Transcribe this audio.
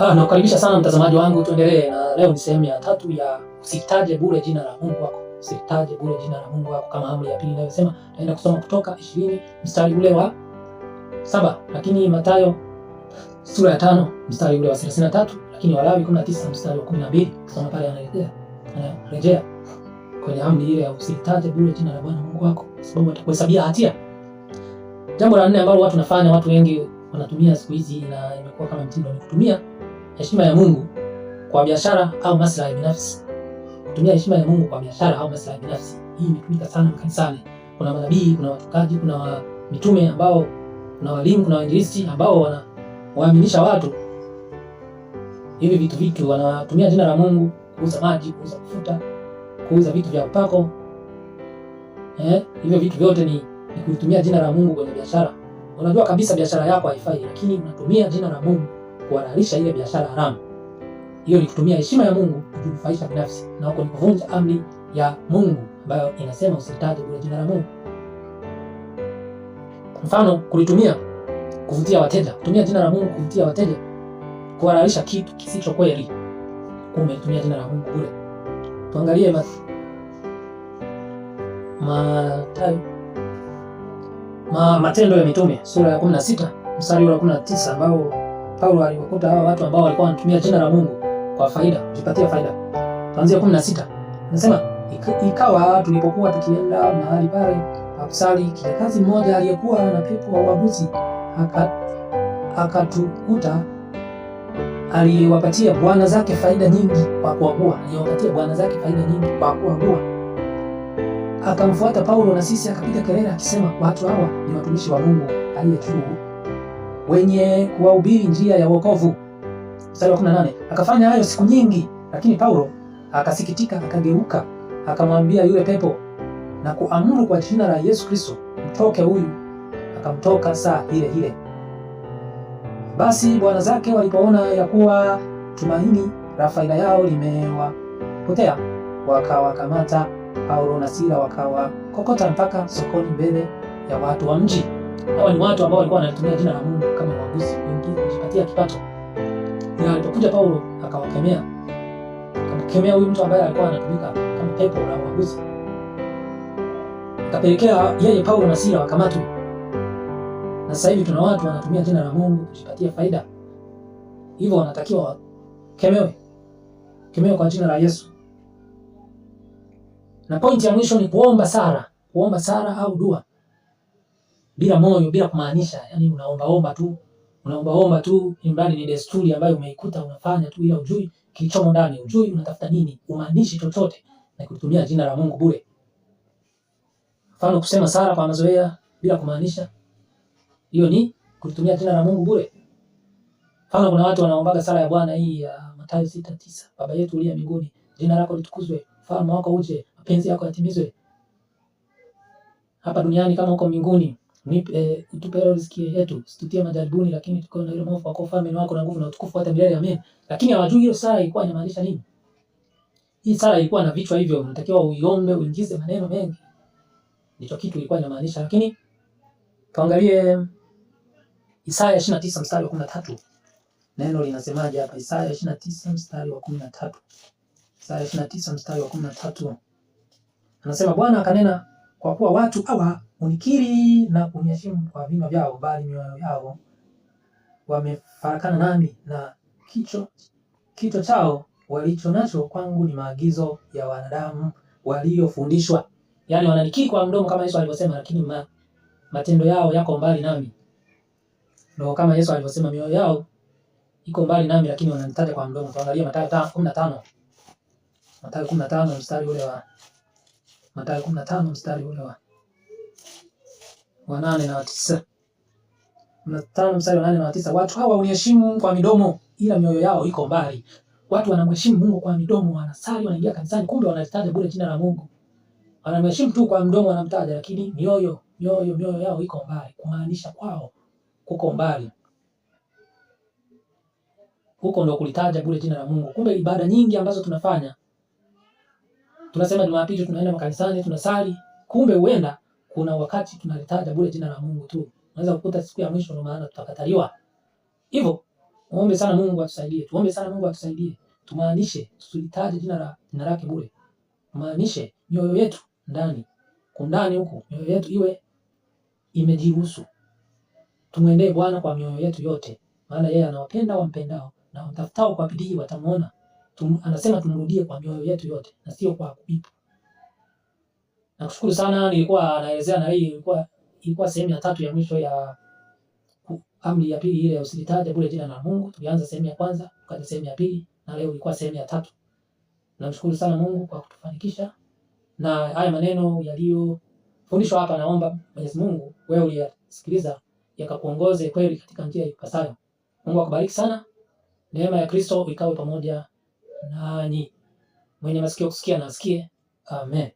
Ah, Nakukaribisha sana mtazamaji wangu, tuendelee na leo. Ni sehemu ya tatu ya usitaje bure jina la Mungu wako, usitaje bure jina la Mungu wako, kama amri ya pili inayosema. Naenda kusoma Kutoka 20 mstari ule wa saba, lakini Mathayo sura ya tano mstari ule wa 33, lakini Walawi 19 mstari wa 12 Kusoma pale, anarejea anarejea kwenye amri ile ya usitaje bure jina la Bwana Mungu wako, sababu atakuhesabia hatia. Jambo la nne ambalo watu nafanya, watu wengi wanatumia siku hizi na imekuwa kama mtindo wa kutumia heshima ya Mungu kwa biashara au maslahi binafsi. Kutumia heshima ya Mungu kwa biashara au maslahi binafsi, hii imetumika sana kanisani. Kuna manabii, kuna watukaji, kuna mitume ambao, kuna walimu, kuna wainjilisti ambao wanawaaminisha watu hivi vitu vitu, wanatumia jina la Mungu kuuza maji, kuuza mafuta, kuuza vitu vya upako eh, hivyo vitu vyote ni, ni kutumia jina la Mungu kwenye biashara. Unajua kabisa biashara yako haifai, lakini unatumia jina la Mungu kuhalalisha ile biashara haramu. Hiyo ni kutumia heshima ya Mungu kujinufaisha binafsi na huko ni kuvunja amri ya Mungu ambayo inasema usitaje bure jina la Mungu. Mfano, kulitumia kuvutia wateja, kutumia jina la Mungu kuvutia wateja, kuhalalisha kitu kisicho kweli, kumbe tumia jina la Mungu bure. Tuangalie Mathayo ma, Matendo ya Mitume sura ya 16 mstari wa 19 ambao Paulo aliwakuta hawa watu ambao walikuwa wanatumia jina la Mungu kwa faida, kujipatia faida. Kuanzia 16 anasema ikawa tulipokuwa tukienda mahali pale akusali, kijakazi mmoja aliyekuwa na pepo wa uaguzi akatukuta aliwapatia bwana zake faida nyingi kwa kuagua, aliwapatia bwana zake faida nyingi kwa kuagua. Akamfuata Paulo na sisi akapiga kelele akisema, watu hawa ni watumishi wa Mungu aliye juu wenye kuwahubiri njia ya wokovu. Mstari wa 18, akafanya hayo siku nyingi, lakini Paulo akasikitika, akageuka, akamwambia yule pepo na kuamuru kwa jina la Yesu Kristo, mtoke huyu. Akamtoka saa ile ile. Basi bwana zake walipoona ya kuwa tumaini la faida yao limewapotea, wakawakamata Paulo na Sila wakawakokota mpaka sokoni mbele ya watu wa mji. Hawa ni watu ambao walikuwa wanatumia jina la Mungu kama waabuzi wengine kujipatia kipato. Na alipokuja Paulo akawakemea, akamkemea huyu mtu ambaye alikuwa anatumika kama pepo la waabuzi, akapelekea yeye Paulo na Sila wakamatwe. Na sasa hivi tuna watu wanatumia jina la Mungu kujipatia faida, hivyo wanatakiwa wakemewe, kemewe kwa jina la Yesu. Na pointi ya mwisho ni kuomba sala, kuomba sala au dua bila moyo, bila kumaanisha, yani unaombaomba tu, unaombaomba tu, imradi ni desturi ambayo umeikuta unafanya tu, ila ujui kilichomo ndani, ujui unatafuta nini, umaanishi chochote na kutumia jina la Mungu bure. Mfano kusema sala kwa mazoea bila kumaanisha, hiyo ni kutumia jina la Mungu bure. Mfano kuna watu wanaombaga sala ya Bwana hii ya Mathayo 6:9, Baba yetu uliye mbinguni, jina lako litukuzwe, ufalme wako uje, mapenzi yako yatimizwe hapa duniani kama huko mbinguni nipe utupe eh, riziki yetu, situtie majaribuni, lakini tuko na ile mofu wako family wako na nguvu na utukufu hata milele, amen. Lakini hawajui hiyo sala ilikuwa inamaanisha nini. Hii sala ilikuwa na vichwa hivyo, unatakiwa uiombe, uingize maneno mengi, ndicho kitu ilikuwa inamaanisha. Lakini kaangalie Isaya 29 mstari wa 13, neno linasemaje hapa? Isaya 29 mstari wa 13, Isaya 29 mstari wa 13 anasema, Bwana akanena, kwa kuwa watu hawa unikiri na uniheshimu kwa vinywa vyao, bali mioyo yao wamefarakana nami, na kicho kicho chao walicho nacho kwangu ni maagizo ya wanadamu waliofundishwa. Yani wananikiri kwa mdomo kama Yesu alivyosema, lakini ma, matendo yao yako mbali nami. Ndio kama Yesu alivyosema, mioyo yao iko mbali nami, lakini wananitaja kwa mdomo. Tuangalie Mathayo 15 Mathayo 15 mstari ule wa Mathayo 15 mstari ule wa wa nane na tisa na tano mstari wa nane na tisa watu hawa huniheshimu kwa midomo, ila mioyo yao iko mbali. Watu wanamheshimu Mungu kwa midomo, wanasali, wanaingia kanisani, kumbe wanalitaja bure jina la Mungu. Wanamheshimu tu kwa mdomo, wanamtaja, lakini mioyo mioyo mioyo yao iko mbali, kumaanisha kwao kuko mbali huko ndo kulitaja bure jina la Mungu. Kumbe ibada nyingi ambazo tunafanya, tunasema Jumapili tunaenda makanisani tunasali, kumbe huenda kuna wakati tunalitaja bure jina la Mungu tu, unaweza kukuta siku ya mwisho ndio maana tutakataliwa. Hivyo muombe sana Mungu atusaidie, tuombe sana Mungu atusaidie, tumaanishe tusilitaje jina la jina lake bure, tumaanishe mioyo yetu ndani kundani huko, mioyo yetu iwe imejihusu. Tumwendee Bwana kwa mioyo yetu yote, maana yeye anawapenda wampendao na wamtafutao kwa bidii watamuona. Tum, anasema tumrudie kwa mioyo yetu yote na sio kwa kuipa Nashukuru sana, nilikuwa naelezea na hii ilikuwa ilikuwa sehemu ya tatu ya mwisho ya amri ya pili ile ya usilitaje bure jina la Mungu. Tulianza sehemu ya kwanza, tukaja sehemu ya pili na leo ilikuwa sehemu ya tatu. Namshukuru sana Mungu kwa kutufanikisha. Na haya maneno yaliyofundishwa hapa, naomba Mwenyezi Mungu wewe uliyasikiliza yakakuongoze kweli katika njia ipasayo. Mungu akubariki sana. Neema ya Kristo ikawe pamoja nanyi. Mwenye masikio kusikia na asikie. Amen.